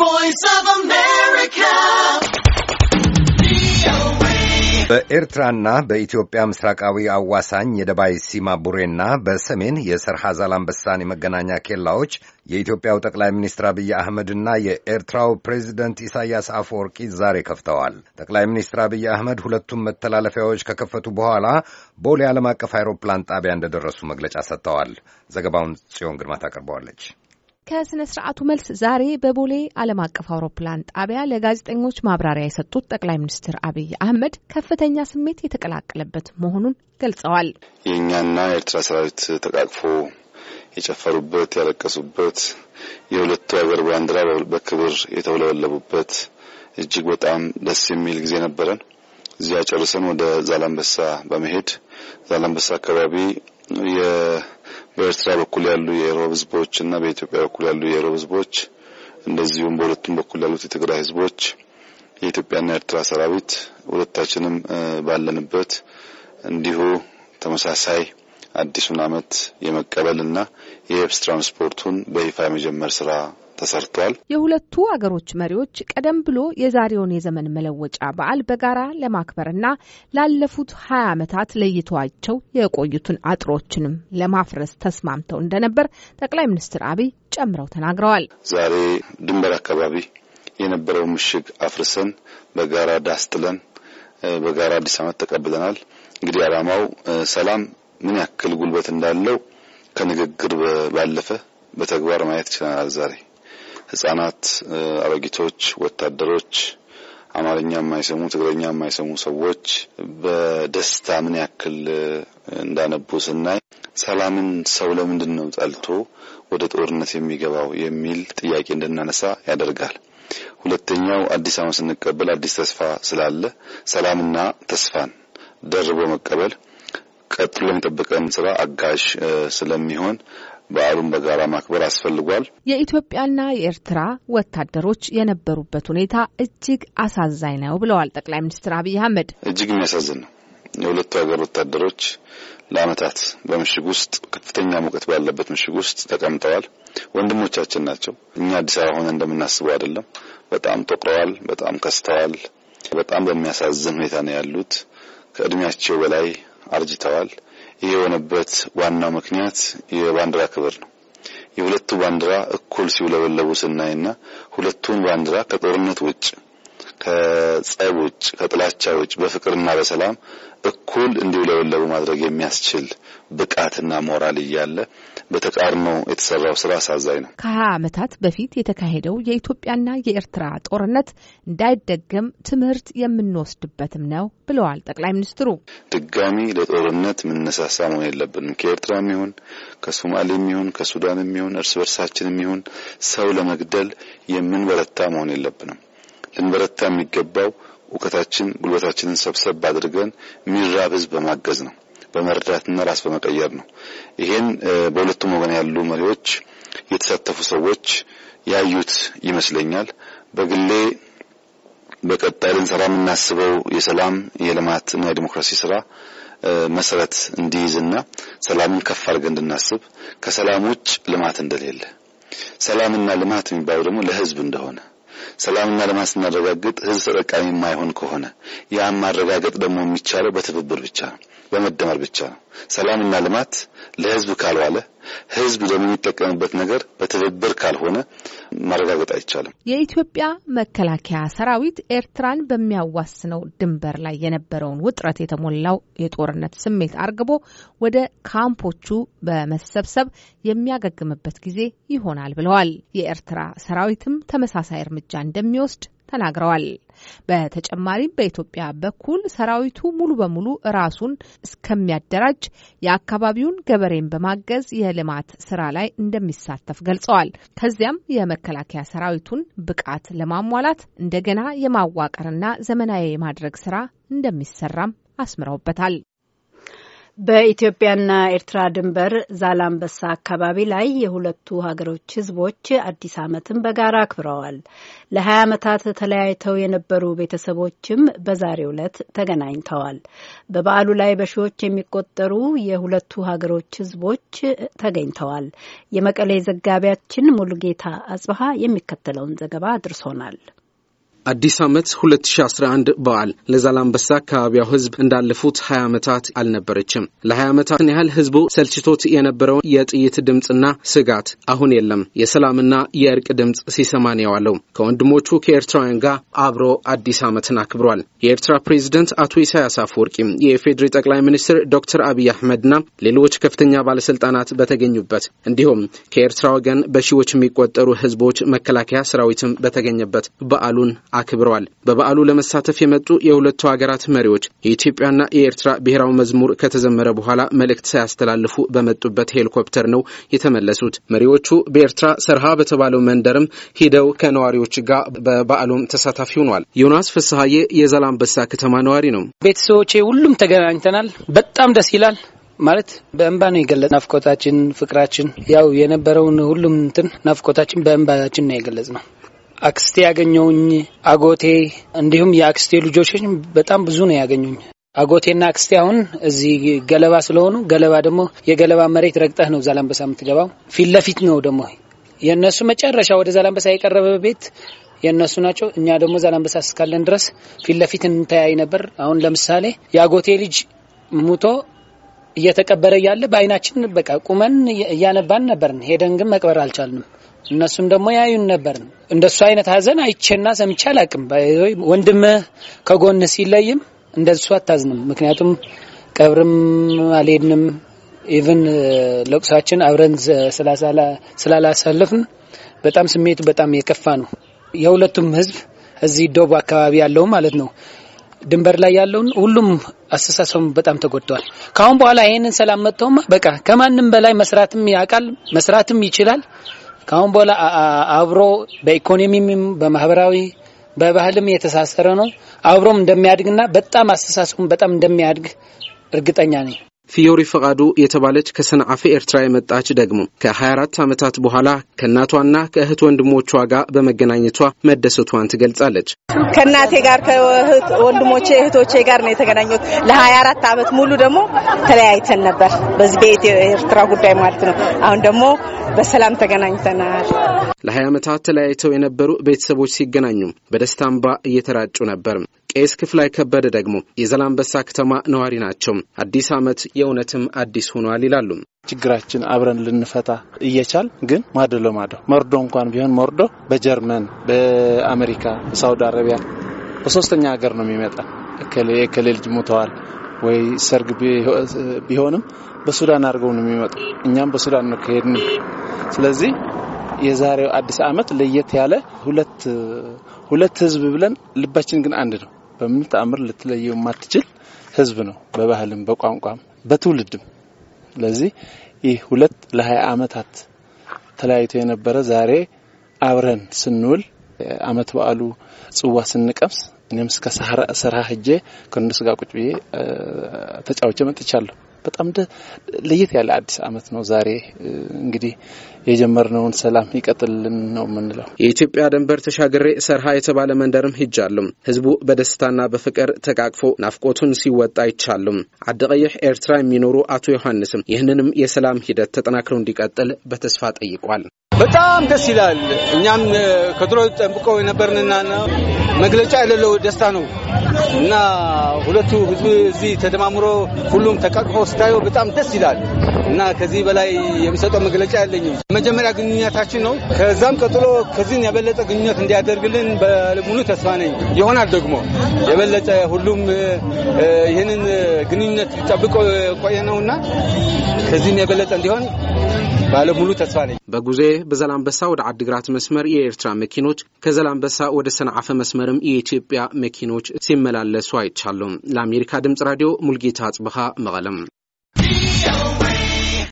voice of America. በኤርትራና በኢትዮጵያ ምስራቃዊ አዋሳኝ የደባይ ሲማ ቡሬና በሰሜን የሰርሃ ዛላምበሳን የመገናኛ ኬላዎች የኢትዮጵያው ጠቅላይ ሚኒስትር አብይ አህመድና የኤርትራው ፕሬዚደንት ኢሳያስ አፈወርቂ ዛሬ ከፍተዋል። ጠቅላይ ሚኒስትር አብይ አህመድ ሁለቱም መተላለፊያዎች ከከፈቱ በኋላ ቦሌ ዓለም አቀፍ አይሮፕላን ጣቢያ እንደደረሱ መግለጫ ሰጥተዋል። ዘገባውን ጽዮን ግርማ ታቀርበዋለች። ከስነ ስርዓቱ መልስ ዛሬ በቦሌ ዓለም አቀፍ አውሮፕላን ጣቢያ ለጋዜጠኞች ማብራሪያ የሰጡት ጠቅላይ ሚኒስትር አብይ አህመድ ከፍተኛ ስሜት የተቀላቀለበት መሆኑን ገልጸዋል። የእኛና የኤርትራ ሰራዊት ተቃቅፎ የጨፈሩበት፣ ያለቀሱበት፣ የሁለቱ ሀገር ባንዲራ በክብር የተውለበለቡበት እጅግ በጣም ደስ የሚል ጊዜ ነበረን። እዚያ ጨርሰን ወደ ዛላንበሳ በመሄድ ዛላንበሳ አካባቢ በኤርትራ በኩል ያሉ የኢሮብ ህዝቦች እና በኢትዮጵያ በኩል ያሉ የኢሮብ ህዝቦች እንደዚሁም በሁለቱም በኩል ያሉት የትግራይ ህዝቦች የኢትዮጵያና የኤርትራ ሰራዊት ሁለታችንም ባለንበት እንዲሁ ተመሳሳይ አዲሱን አመት የመቀበልና የየብስ ትራንስፖርቱን በይፋ የመጀመር ስራ ተሰርቷል። የሁለቱ አገሮች መሪዎች ቀደም ብሎ የዛሬውን የዘመን መለወጫ በዓል በጋራ ለማክበርና ላለፉት ሀያ ዓመታት ለይተዋቸው የቆዩትን አጥሮችንም ለማፍረስ ተስማምተው እንደነበር ጠቅላይ ሚኒስትር አብይ ጨምረው ተናግረዋል። ዛሬ ድንበር አካባቢ የነበረው ምሽግ አፍርሰን በጋራ ዳስጥለን በጋራ አዲስ ዓመት ተቀብለናል። እንግዲህ ዓላማው ሰላም ምን ያክል ጉልበት እንዳለው ከንግግር ባለፈ በተግባር ማየት ይችላል ዛሬ ህጻናት፣ አሮጊቶች፣ ወታደሮች፣ አማርኛ የማይሰሙ ትግረኛ የማይሰሙ ሰዎች በደስታ ምን ያክል እንዳነቡ ስናይ ሰላምን ሰው ለምንድን ነው ጠልቶ ወደ ጦርነት የሚገባው የሚል ጥያቄ እንድናነሳ ያደርጋል። ሁለተኛው አዲስ አመት ስንቀበል አዲስ ተስፋ ስላለ ሰላምና ተስፋን ደርቦ መቀበል ቀጥሎ የሚጠብቀን ስራ አጋዥ ስለሚሆን በዓሉን በጋራ ማክበር አስፈልጓል። የኢትዮጵያና የኤርትራ ወታደሮች የነበሩበት ሁኔታ እጅግ አሳዛኝ ነው ብለዋል ጠቅላይ ሚኒስትር አብይ አህመድ። እጅግ የሚያሳዝን ነው። የሁለቱ ሀገር ወታደሮች ለአመታት በምሽግ ውስጥ ከፍተኛ ሙቀት ባለበት ምሽግ ውስጥ ተቀምጠዋል። ወንድሞቻችን ናቸው። እኛ አዲስ አበባ ሆነ እንደምናስበው አይደለም። በጣም ጠቁረዋል፣ በጣም ከስተዋል። በጣም በሚያሳዝን ሁኔታ ነው ያሉት። ከእድሜያቸው በላይ አርጅተዋል። ይህ የሆነበት ዋናው ምክንያት የባንዲራ ክብር ነው። የሁለቱ ባንዲራ እኩል ሲውለበለቡ ስናይና ሁለቱን ባንዲራ ከጦርነት ውጭ ከጸብ ውጭ ከጥላቻ ውጭ በፍቅርና በሰላም እኩል እንዲውለበለቡ ማድረግ የሚያስችል ብቃትና ሞራል እያለ በተቃርኖ የተሰራው ስራ አሳዛኝ ነው። ከሀያ ዓመታት በፊት የተካሄደው የኢትዮጵያና የኤርትራ ጦርነት እንዳይደገም ትምህርት የምንወስድበትም ነው ብለዋል ጠቅላይ ሚኒስትሩ። ድጋሚ ለጦርነት ምንነሳሳ መሆን የለብንም። ከኤርትራም ይሁን ከሶማሌም ይሁን ከሱዳንም ይሁን እርስ በርሳችንም ይሁን ሰው ለመግደል የምንበረታ መሆን የለብንም። ልንበረታ የሚገባው እውቀታችን ጉልበታችንን ሰብሰብ አድርገን የሚራብ ህዝብ በማገዝ ነው፣ በመርዳትና ራስ በመቀየር ነው። ይሄን በሁለቱም ወገን ያሉ መሪዎች፣ የተሳተፉ ሰዎች ያዩት ይመስለኛል። በግሌ በቀጣይ ልንሰራ የምናስበው የሰላም የልማትና የዲሞክራሲ ስራ መሰረት እንዲይዝና ሰላምን ከፍ አድርገን እንድናስብ ከሰላም ውጭ ልማት እንደሌለ ሰላምና ልማት የሚባለው ደግሞ ለህዝብ እንደሆነ ሰላምና ልማት ስናረጋግጥ ህዝብ ተጠቃሚ የማይሆን ከሆነ ያም ማረጋገጥ ደግሞ የሚቻለው በትብብር ብቻ ነው፣ በመደመር ብቻ ነው። ሰላምና ልማት ለህዝብ ካልዋለ ህዝብ ለሚጠቀምበት ነገር በትብብር ካልሆነ ማረጋገጥ አይቻልም። የኢትዮጵያ መከላከያ ሰራዊት ኤርትራን በሚያዋስነው ድንበር ላይ የነበረውን ውጥረት የተሞላው የጦርነት ስሜት አርግቦ ወደ ካምፖቹ በመሰብሰብ የሚያገግምበት ጊዜ ይሆናል ብለዋል። የኤርትራ ሰራዊትም ተመሳሳይ እርምጃ እንደሚወስድ ተናግረዋል። በተጨማሪም በኢትዮጵያ በኩል ሰራዊቱ ሙሉ በሙሉ ራሱን እስከሚያደራጅ የአካባቢውን ገበሬን በማገዝ የልማት ስራ ላይ እንደሚሳተፍ ገልጸዋል። ከዚያም የመከላከያ ሰራዊቱን ብቃት ለማሟላት እንደገና የማዋቀርና ዘመናዊ የማድረግ ስራ እንደሚሰራም አስምረውበታል። በኢትዮጵያና ኤርትራ ድንበር ዛላምበሳ አካባቢ ላይ የሁለቱ ሀገሮች ህዝቦች አዲስ ዓመትን በጋራ አክብረዋል። ለሀያ ዓመታት ተለያይተው የነበሩ ቤተሰቦችም በዛሬ ዕለት ተገናኝተዋል። በበዓሉ ላይ በሺዎች የሚቆጠሩ የሁለቱ ሀገሮች ህዝቦች ተገኝተዋል። የመቀሌ ዘጋቢያችን ሙሉጌታ አጽብሃ የሚከተለውን ዘገባ አድርሶናል። አዲስ ዓመት 2011 በዓል ለዛላምበሳ አካባቢያው ህዝብ እንዳለፉት 20 ዓመታት አልነበረችም። ለ20 ዓመታትን ያህል ህዝቡ ሰልችቶት የነበረውን የጥይት ድምፅና ስጋት አሁን የለም። የሰላምና የእርቅ ድምፅ ሲሰማን የዋለው ከወንድሞቹ ከኤርትራውያን ጋር አብሮ አዲስ ዓመትን አክብሯል። የኤርትራ ፕሬዚደንት አቶ ኢሳያስ አፈወርቂም የኢፌዴሪ ጠቅላይ ሚኒስትር ዶክተር አብይ አህመድና ሌሎች ከፍተኛ ባለስልጣናት በተገኙበት እንዲሁም ከኤርትራ ወገን በሺዎች የሚቆጠሩ ህዝቦች መከላከያ ሰራዊትም በተገኘበት በዓሉን አክብረዋል። በበዓሉ ለመሳተፍ የመጡ የሁለቱ ሀገራት መሪዎች የኢትዮጵያና የኤርትራ ብሔራዊ መዝሙር ከተዘመረ በኋላ መልእክት ሳያስተላልፉ በመጡበት ሄሊኮፕተር ነው የተመለሱት። መሪዎቹ በኤርትራ ሰርሃ በተባለው መንደርም ሂደው ከነዋሪዎች ጋር በበዓሉም ተሳታፊ ሆኗል። ዮናስ ፍስሀዬ የዛላምበሳ ከተማ ነዋሪ ነው። ቤተሰቦቼ ሁሉም ተገናኝተናል። በጣም ደስ ይላል። ማለት በእንባ ነው የገለጽ ናፍቆታችን፣ ፍቅራችን ያው የነበረውን ሁሉም እንትን ናፍቆታችን በእንባችን ነው የገለጽ ነው። አክስቴ ያገኘውኝ አጎቴ፣ እንዲሁም የአክስቴ ልጆች በጣም ብዙ ነው ያገኙኝ። አጎቴና አክስቴ አሁን እዚህ ገለባ ስለሆኑ ገለባ ደግሞ የገለባ መሬት ረግጠህ ነው ዛላንበሳ የምትገባው። ፊት ለፊት ነው ደግሞ የእነሱ መጨረሻ ወደ ዛላንበሳ የቀረበ ቤት የእነሱ ናቸው። እኛ ደግሞ ዛላንበሳ እስካለን ድረስ ፊት ለፊት እንተያይ ነበር። አሁን ለምሳሌ የአጎቴ ልጅ ሙቶ እየተቀበረ ያለ በአይናችን በቃ ቁመን እያነባን ነበርን። ሄደን ግን መቅበር አልቻልንም። እነሱም ደግሞ ያዩን ነበር። እንደሱ አይነት ሀዘን አይቼና ሰምቼ አላቅም። ወንድምህ ከጎን ሲለይም እንደሱ አታዝንም። ምክንያቱም ቀብርም አልሄድንም ኢቭን ለቅሳችን አብረን ስላላሳለፍን በጣም ስሜቱ በጣም የከፋ ነው። የሁለቱም ህዝብ እዚህ ዶብ አካባቢ ያለው ማለት ነው ድንበር ላይ ያለውን ሁሉም አስተሳሰቡ በጣም ተጎድተዋል። ከአሁን በኋላ ይህንን ሰላም መጥተውማ በቃ ከማንም በላይ መስራትም ያውቃል መስራትም ይችላል። ከአሁን በኋላ አብሮ በኢኮኖሚም በማህበራዊ በባህልም የተሳሰረ ነው። አብሮም እንደሚያድግና በጣም አስተሳሰቡም በጣም እንደሚያድግ እርግጠኛ ነኝ። ፊዮሪ ፈቃዱ የተባለች ከሰንዓፈ ኤርትራ የመጣች ደግሞ ከ24 ዓመታት በኋላ ከእናቷና ከእህት ወንድሞቿ ጋር በመገናኘቷ መደሰቷን ትገልጻለች። ከእናቴ ጋር ከወንድሞቼ እህቶቼ ጋር ነው የተገናኘት ለ ለ24 ዓመት ሙሉ ደግሞ ተለያይተን ነበር፣ በዚህ በኢትዮ ኤርትራ ጉዳይ ማለት ነው። አሁን ደግሞ በሰላም ተገናኝተናል። ለ20 ዓመታት ተለያይተው የነበሩ ቤተሰቦች ሲገናኙ በደስታ እንባ እየተራጩ ነበር። ቄስ ክፍላይ ከበደ ደግሞ የዘላንበሳ ከተማ ነዋሪ ናቸው። አዲስ ዓመት የእውነትም አዲስ ሆኗል ይላሉ። ችግራችን አብረን ልንፈታ እየቻል ግን ማዶ ለማዶ መርዶ እንኳን ቢሆን መርዶ በጀርመን፣ በአሜሪካ፣ በሳውዲ አረቢያ በሶስተኛ ሀገር ነው የሚመጣ የከሌ ልጅ ሞተዋል ወይ ሰርግ ቢሆንም በሱዳን አድርገው ነው የሚመጡ። እኛም በሱዳን ነው ከሄድን። ስለዚህ የዛሬው አዲስ ዓመት ለየት ያለ ሁለት ሁለት ህዝብ ብለን ልባችን ግን አንድ ነው። በምን ተአምር ልትለየው የማትችል ህዝብ ነው፣ በባህልም በቋንቋም በትውልድም። ስለዚህ ይህ ሁለት ለሀያ አመታት ተለያይቶ የነበረ ዛሬ አብረን ስንውል አመት በዓሉ ጽዋ ስንቀምስ እኔም እስከ ሰራ ህጄ ከእነሱ ጋር ቁጭ ብዬ ተጫውቼ መጥቻለሁ። በጣም ለየት ያለ አዲስ አመት ነው ዛሬ። እንግዲህ የጀመርነውን ሰላም ይቀጥልልን ነው የምንለው። የኢትዮጵያ ድንበር ተሻግሬ ሰርሃ የተባለ መንደርም ሂጃሉም ህዝቡ በደስታና በፍቅር ተቃቅፎ ናፍቆቱን ሲወጣ አይቻልም። አደቀይሕ ኤርትራ የሚኖሩ አቶ ዮሐንስም ይህንንም የሰላም ሂደት ተጠናክረው እንዲቀጥል በተስፋ ጠይቋል። በጣም ደስ ይላል። እኛም ከድሮ ጠብቀው የነበርንና መግለጫ የሌለው ደስታ ነው እና ሁለቱ ህዝብ እዚህ ተደማምሮ ሁሉም ተቃቅፎ ስታየው በጣም ደስ ይላል እና ከዚህ በላይ የሚሰጠው መግለጫ ያለኝም መጀመሪያ ግንኙነታችን ነው። ከዛም ቀጥሎ ከዚህን የበለጠ ግንኙነት እንዲያደርግልን በሙሉ ተስፋ ነኝ። ይሆናል ደግሞ የበለጠ ሁሉም ይህንን ግንኙነት ጠብቆ ቆየ ነውና ከዚህም የበለጠ እንዲሆን ባለሙሉ ተስፋ ነኝ። በጉዜ በዘላንበሳ ወደ አድግራት መስመር የኤርትራ መኪኖች ከዘላንበሳ ወደ ሰንዓፈ መስመር መስመርም የኢትዮጵያ መኪኖች ሲመላለሱ አይቻሉም። ለአሜሪካ ድምጽ ራዲዮ ሙልጌታ አጽብሃ መቀለም